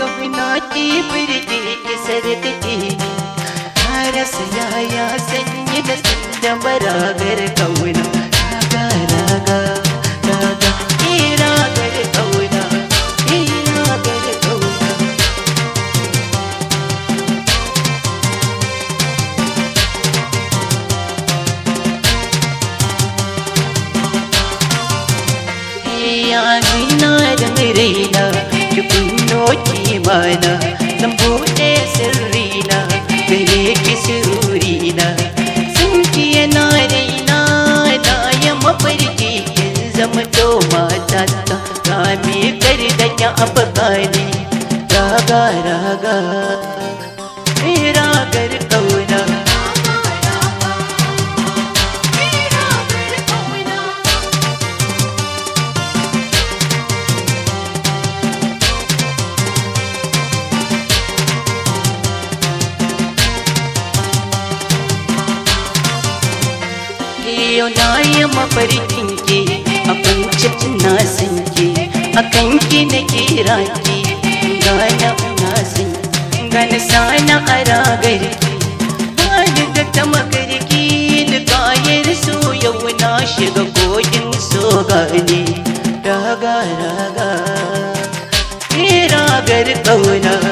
कविना की बिरजे सरद जी हारस याया संयम संयम रागर कवना रागा रागा imana zan buɗe sirrina gare ki sururina sun fiye na raina na ya mafarki in zama to matata ka mi kar da ya afghani raga raga yau na yi mafarkin ki a kwance na san ki a kan ki gana na san gana sana a ragar ki da ta makarki da kayar so yau na shiga kogin so gane raga raga ragar ƙauna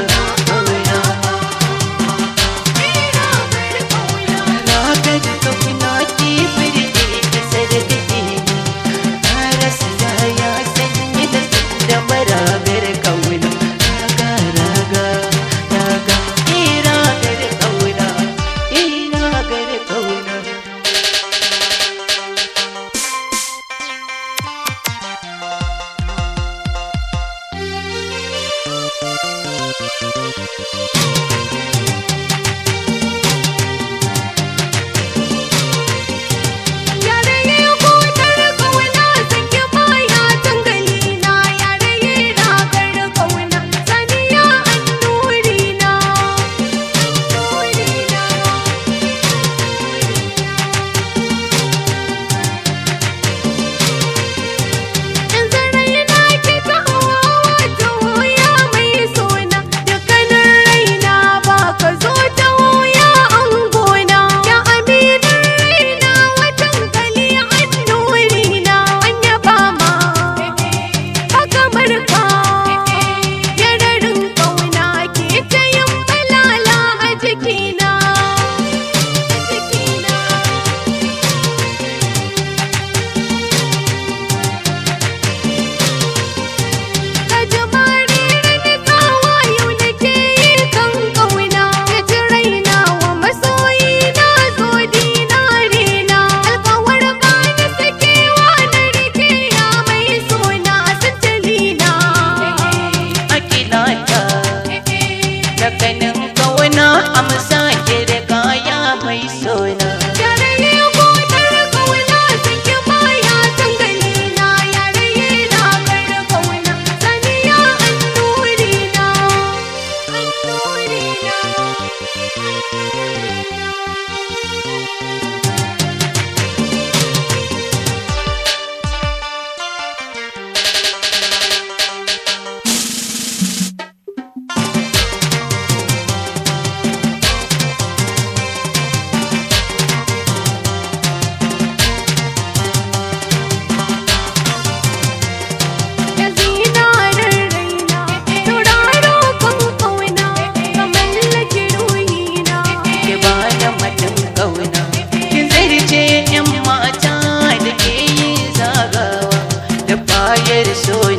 It is you.